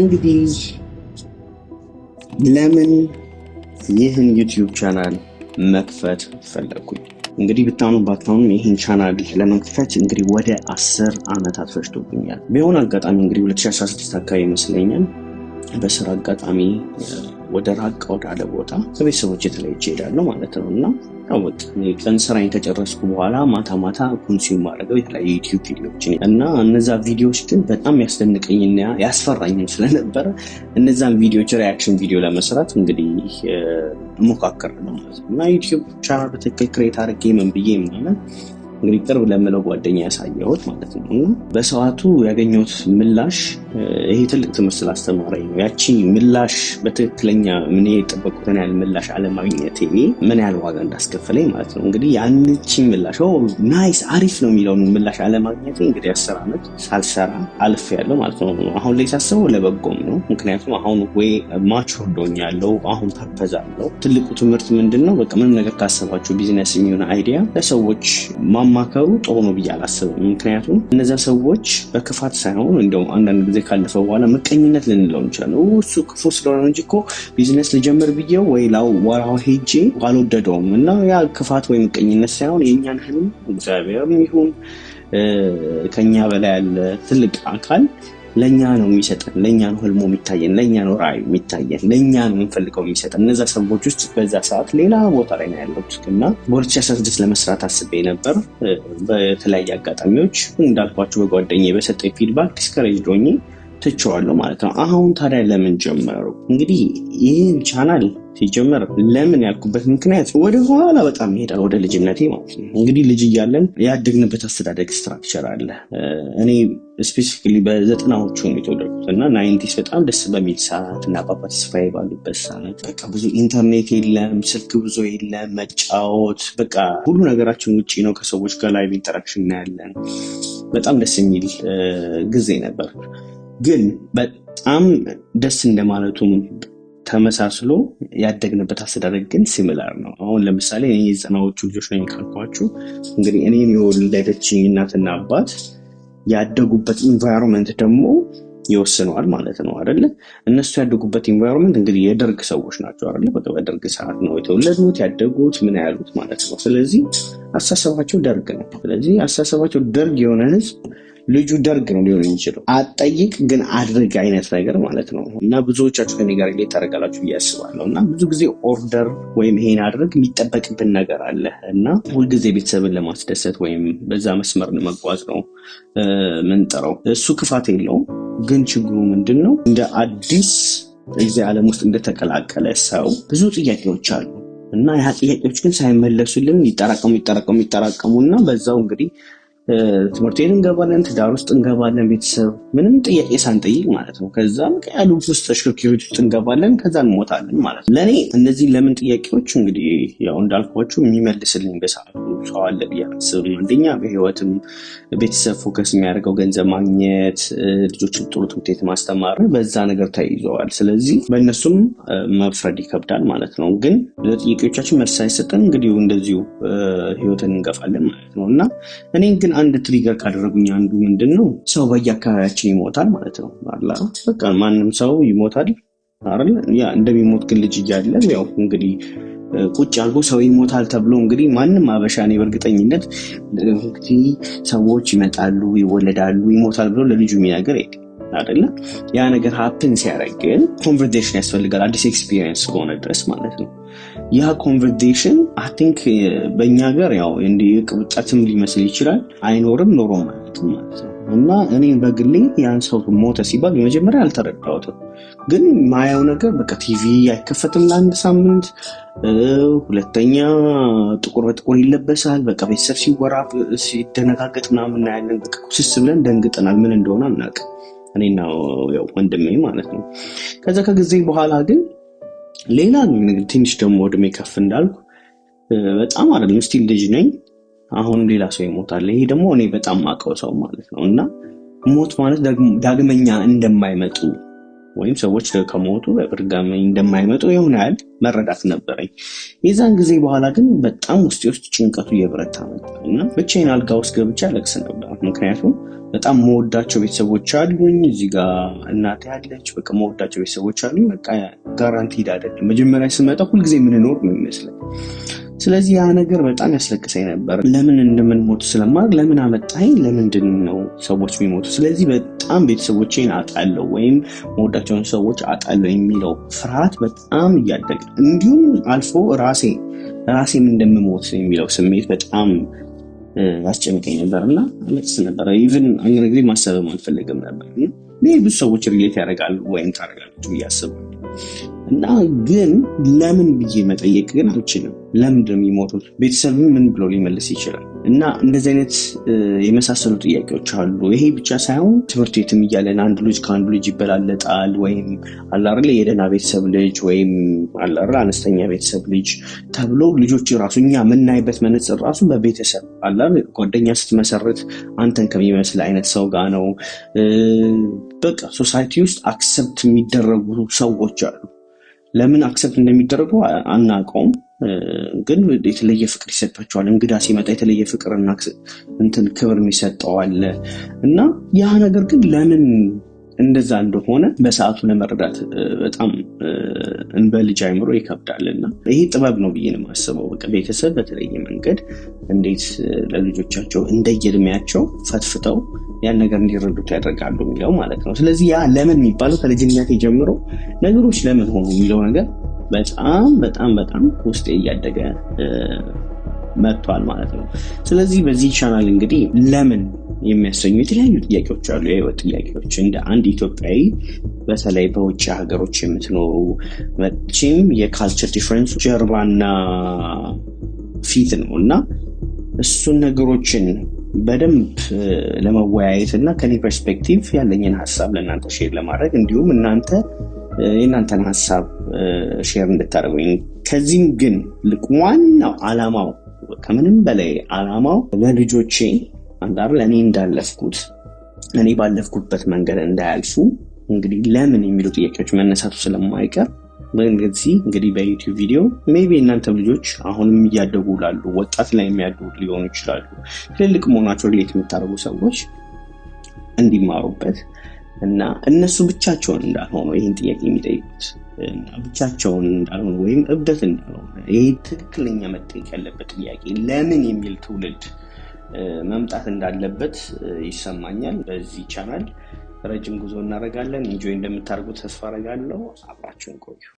እንግዲህ ለምን ይህን ዩቲዩብ ቻናል መክፈት ፈለግኩኝ? እንግዲህ ብታኑ ባታምኑ ይህን ቻናል ለመክፈት እንግዲህ ወደ አስር ዓመታት ፈጅቶብኛል። በሆነ አጋጣሚ እንግዲህ 2016 አካባቢ ይመስለኛል በስራ አጋጣሚ ወደ ራቅ ወዳለ ቦታ ከቤተሰቦች የተለያየ ይሄዳለሁ ማለት ነው እና ቀን ስራዬን ከጨረስኩ በኋላ ማታ ማታ ኮንሱም ማድረገው የተለያዩ ዩቲዩብ ቪዲዮች እና እነዛ ቪዲዮዎች ግን በጣም ያስደንቀኝና ያስፈራኝም ስለነበረ እነዛን ቪዲዮዎች ሪያክሽን ቪዲዮ ለመስራት እንግዲህ ሞካከር ነው ማለት ነው እና ዩቲዩብ ቻናል በትክክል ክሬት አድርጌ ምን ብዬ ምናምን እንግዲህ ቅርብ ለምለው ጓደኛ ያሳየሁት ማለት ነው። በሰዓቱ ያገኘሁት ምላሽ ይሄ ትልቅ ትምህርት ስላስተማረኝ ነው። ያቺ ምላሽ በትክክለኛ ምን የጠበቁትን ያህል ምላሽ አለማግኘቴ ምን ያህል ዋጋ እንዳስከፈለኝ ማለት ነው። እንግዲህ ያንቺ ምላሽ ናይስ አሪፍ ነው የሚለውን ምላሽ አለማግኘቴ እንግዲህ አስር ዓመት ሳልሰራ አልፍ ያለው ማለት ነው። አሁን ላይ ሳስበው ለበጎም ነው። ምክንያቱም አሁን ወይ ማች ያለው አሁን ታፈዛለው። ትልቁ ትምህርት ምንድን ነው? በቃ ምንም ነገር ካሰባችሁ ቢዝነስ የሚሆን አይዲያ ለሰዎች ማ ማማከሩ ጥሩ ነው ብዬ አላስብም። ምክንያቱም እነዚያ ሰዎች በክፋት ሳይሆን እንደውም አንዳንድ ጊዜ ካለፈ በኋላ ምቀኝነት ልንለው እንችላለን። እሱ ክፉ ስለሆነ እንጂ እኮ ቢዝነስ ልጀምር ብዬው ወይ ላው ወራው ሄጄ አልወደደውም እና ያ ክፋት ወይ ምቀኝነት ሳይሆን የእኛን ህልም እግዚአብሔርም ይሁን ከኛ በላይ ያለ ትልቅ አካል ለእኛ ነው የሚሰጠን፣ ለእኛ ነው ህልሞ የሚታየን፣ ለእኛ ነው ራዕዩ የሚታየን፣ ለእኛ ነው የምንፈልገው የሚሰጠን። እነዛ ሰዎች ውስጥ በዛ ሰዓት ሌላ ቦታ ላይ ነው ያሉት እና በ2016 ለመስራት አስቤ ነበር። በተለያየ አጋጣሚዎች እንዳልኳቸው በጓደኝ በሰጠኝ ፊድባክ ዲስከሬጅ ዶኝ ትቸዋለሁ ማለት ነው። አሁን ታዲያ ለምን ጀመሩ? እንግዲህ ይህን ቻናል ሲጀመር ለምን ያልኩበት ምክንያት ወደ ኋላ በጣም ይሄዳል፣ ወደ ልጅነቴ ማለት ነው። እንግዲህ ልጅ እያለን ያደግንበት አስተዳደግ ስትራክቸር አለ እኔ ስፔሲፊካሊ በዘጠናዎቹ ነው የተወለድኩት እና ናይንቲስ በጣም ደስ በሚል ሰዓት እና አባባ ተስፋዬ ባሉበት ሰዓት በቃ ብዙ ኢንተርኔት የለም፣ ስልክ ብዙ የለም፣ መጫወት በቃ ሁሉ ነገራችን ውጭ ነው። ከሰዎች ጋር ላይቭ ኢንተራክሽን እናያለን። በጣም ደስ የሚል ጊዜ ነበር። ግን በጣም ደስ እንደማለቱም ተመሳስሎ ያደግንበት አስተዳደግ ግን ሲሚላር ነው። አሁን ለምሳሌ እኔ የዘጠናዎቹ ልጆች ነኝ ካልኳችሁ እንግዲህ እኔን የወለደችኝ እናትና አባት ያደጉበት ኢንቫይሮንመንት ደግሞ ይወስነዋል ማለት ነው አደለ እነሱ ያደጉበት ኢንቫይሮንመንት እንግዲህ የደርግ ሰዎች ናቸው አለ በደርግ ሰዓት ነው የተወለዱት ያደጉት ምን ያሉት ማለት ነው። ስለዚህ አሳሰባቸው ደርግ ነው። ስለዚህ አሳሰባቸው ደርግ የሆነ ህዝብ ልጁ ደርግ ነው ሊሆን የሚችለው። አጠይቅ ግን አድርግ አይነት ነገር ማለት ነው። እና ብዙዎቻችሁ ከኔ ጋር ሌት ታደርጋላችሁ ብዬ አስባለሁ። እና ብዙ ጊዜ ኦርደር ወይም ይሄን አድርግ የሚጠበቅብን ነገር አለ እና ሁልጊዜ ቤተሰብን ለማስደሰት ወይም በዛ መስመር ለመጓዝ ነው ምንጥረው። እሱ ክፋት የለውም። ግን ችግሩ ምንድን ነው? እንደ አዲስ እዚህ ዓለም ውስጥ እንደተቀላቀለ ሰው ብዙ ጥያቄዎች አሉ እና ያ ጥያቄዎች ግን ሳይመለሱልን ይጠራቀሙ ይጠራቀሙ ይጠራቀሙ እና በዛው እንግዲህ ትምህርት ቤት እንገባለን፣ ትዳር ውስጥ እንገባለን፣ ቤተሰብ ምንም ጥያቄ ሳንጠይቅ ማለት ነው። ከዛም ያሉት ውስጥ ተሽክርካሪዎች ውስጥ እንገባለን፣ ከዛ እንሞታለን ማለት ነው። ለእኔ እነዚህ ለምን ጥያቄዎች እንግዲህ ያው እንዳልኳችሁ የሚመልስልኝ በሳሉ ሰው አለ ብዬ አንደኛ በህይወትም ቤተሰብ ፎከስ የሚያደርገው ገንዘብ ማግኘት፣ ልጆችን ጥሩ ትምህርት ቤት ማስተማር በዛ ነገር ተይዘዋል። ስለዚህ በእነሱም መፍረድ ይከብዳል ማለት ነው። ግን ለጥያቄዎቻችን መልስ አይሰጠን እንግዲሁ እንደዚሁ ህይወትን እንገፋለን ማለት ነው እና እኔ ግን ግን አንድ ትሪገር ካደረጉኝ አንዱ ምንድን ነው ሰው በየአካባቢያችን ይሞታል ማለት ነው። በቃ ማንም ሰው ይሞታል አይደል? ያ እንደሚሞት ግን ልጅ እያለ ያው እንግዲህ ቁጭ አድርጎ ሰው ይሞታል ተብሎ እንግዲህ ማንም አበሻ እኔ በእርግጠኝነት እንግዲህ ሰዎች ይመጣሉ፣ ይወለዳሉ፣ ይሞታል ብሎ ለልጁ የሚነገር የለም። አደለ ያ ነገር ሀፕን ሲያደርግ ግን ያስፈልጋል፣ አዲስ ኤክስፒሪየንስ ከሆነ ድረስ ማለት ነው። ያ ኮንቨርሴሽን አንክ በእኛ ሀገር ያው እንዲ ቅብጠትም ሊመስል ይችላል፣ አይኖርም ኖሮ ማለት ማለት ነው። እና እኔ በግሌ ያን ሰው ሞተ ሲባል በመጀመሪያ አልተረዳሁትም፣ ግን ማየው ነገር በቃ ቲቪ አይከፈትም ለአንድ ሳምንት። ሁለተኛ ጥቁር በጥቁር ይለበሳል። በቃ ቤተሰብ ሲወራ ሲደነጋገጥ ምናምን እናያለን። በቃ ኩስስ ብለን ደንግጠናል። ምን እንደሆነ አናውቅም። እኔና ወንድሜ ማለት ነው። ከዛ ከጊዜ በኋላ ግን ሌላ ትንሽ ደግሞ እድሜ ከፍ እንዳልኩ በጣም አይደለም ስቲል ልጅ ነኝ። አሁን ሌላ ሰው ይሞታል። ይሄ ደግሞ እኔ በጣም ማቀው ሰው ማለት ነው እና ሞት ማለት ዳግመኛ እንደማይመጡ ወይም ሰዎች ከሞቱ በድጋሚ እንደማይመጡ የሆነ ያህል መረዳት ነበረኝ። የዛን ጊዜ በኋላ ግን በጣም ውስጤ ውስጥ ጭንቀቱ እየበረታ ነበር እና ብቻዬን አልጋ ውስጥ ገብቼ አለቅስ ነበር። ምክንያቱም በጣም መወዳቸው ቤተሰቦች አሉኝ፣ እዚህ ጋ እናቴ ያለች፣ በቃ መወዳቸው ቤተሰቦች አሉኝ። በቃ ጋራንቲድ አይደለም መጀመሪያ ስመጣ ሁልጊዜ የምንኖር ነው ይመስለኝ ስለዚህ ያ ነገር በጣም ያስለቅሰኝ ነበር። ለምን እንደምንሞት ስለማድረግ ለምን አመጣኝ? ለምንድን ነው ሰዎች የሚሞቱ? ስለዚህ በጣም ቤተሰቦቼን አጣለው ወይም መወዳቸውን ሰዎች አጣለው የሚለው ፍርሃት በጣም እያደገ እንዲሁም አልፎ ራሴ ራሴም እንደምሞት የሚለው ስሜት በጣም ያስጨንቀኝ ነበር እና ለቅስ ነበረ። ኢቭን አንድ ጊዜ ማሰብም አልፈለግም ነበር። ብዙ ሰዎች ሪሌት ያደርጋሉ ወይም ታደርጋለች ብዬ አስባለሁ። እና ግን ለምን ብዬ መጠየቅ ግን አልችልም። ለምን የሚሞቱት? ቤተሰብ ምን ብሎ ሊመልስ ይችላል? እና እንደዚህ አይነት የመሳሰሉ ጥያቄዎች አሉ። ይሄ ብቻ ሳይሆን ትምህርት ቤትም እያለን አንድ ልጅ ከአንዱ ልጅ ይበላለጣል ወይም አላርል የደህና ቤተሰብ ልጅ ወይም አላርል አነስተኛ ቤተሰብ ልጅ ተብሎ ልጆች ራሱ እኛ የምናይበት መነጽር ራሱ በቤተሰብ አላርል ጓደኛ ስትመሰርት አንተን ከሚመስል አይነት ሰው ጋር ነው። በቃ ሶሳይቲ ውስጥ አክሰፕት የሚደረጉ ሰዎች አሉ። ለምን አክሰፕት እንደሚደረጉ አናውቀውም፣ ግን የተለየ ፍቅር ይሰጣቸዋል። እንግዳ ሲመጣ የተለየ ፍቅርና እንትን ክብር ይሰጠዋል እና ያ ነገር ግን ለምን እንደዛ እንደሆነ በሰዓቱ ለመረዳት በጣም በልጅ አይምሮ ይከብዳል ይሄ ጥበብ ነው ብዬ ነው የማስበው። በቃ ቤተሰብ በተለየ መንገድ እንዴት ለልጆቻቸው እንደየእድሜያቸው ፈትፍተው ያን ነገር እንዲረዱት ያደርጋሉ የሚለው ማለት ነው። ስለዚህ ያ ለምን የሚባለው ከልጅነት ጀምሮ ነገሮች ለምን ሆኑ የሚለው ነገር በጣም በጣም በጣም ውስጤ እያደገ መጥቷል ማለት ነው። ስለዚህ በዚህ ቻናል እንግዲህ ለምን የሚያሰኙ የተለያዩ ጥያቄዎች አሉ። የህይወት ጥያቄዎች እንደ አንድ ኢትዮጵያዊ በተለይ በውጭ ሀገሮች የምትኖሩ መቼም የካልቸር ዲፍረንስ ጀርባና ፊት ነው እና እሱን ነገሮችን በደንብ ለመወያየት እና ከኔ ፐርስፔክቲቭ ያለኝን ሀሳብ ለእናንተ ሼር ለማድረግ እንዲሁም እናንተ የእናንተን ሀሳብ ሼር እንድታደርጉኝ ከዚህም ግን ልቅ ዋናው አላማው ከምንም በላይ አላማው ለልጆቼ አንዳር ለእኔ እንዳለፍኩት እኔ ባለፍኩበት መንገድ እንዳያልፉ እንግዲህ ለምን የሚሉ ጥያቄዎች መነሳቱ ስለማይቀር በእንግዲህ እንግዲህ በዩቲዩብ ቪዲዮ ሜቢ እናንተም ልጆች አሁንም እያደጉ ላሉ ወጣት ላይ የሚያድጉ ሊሆኑ ይችላሉ። ትልልቅ መሆናቸው ሌት የምታደርጉ ሰዎች እንዲማሩበት እና እነሱ ብቻቸውን እንዳልሆኑ ይህን ጥያቄ የሚጠይቁት እና ብቻቸውን እንዳልሆኑ ወይም እብደት እንዳልሆነ ይህ ትክክለኛ መጠየቅ ያለበት ጥያቄ ለምን የሚል ትውልድ መምጣት እንዳለበት ይሰማኛል። በዚህ ቻናል ረጅም ጉዞ እናደርጋለን። እንጆይ እንደምታደርጉት ተስፋ አደርጋለሁ። አብራችሁን ቆዩ።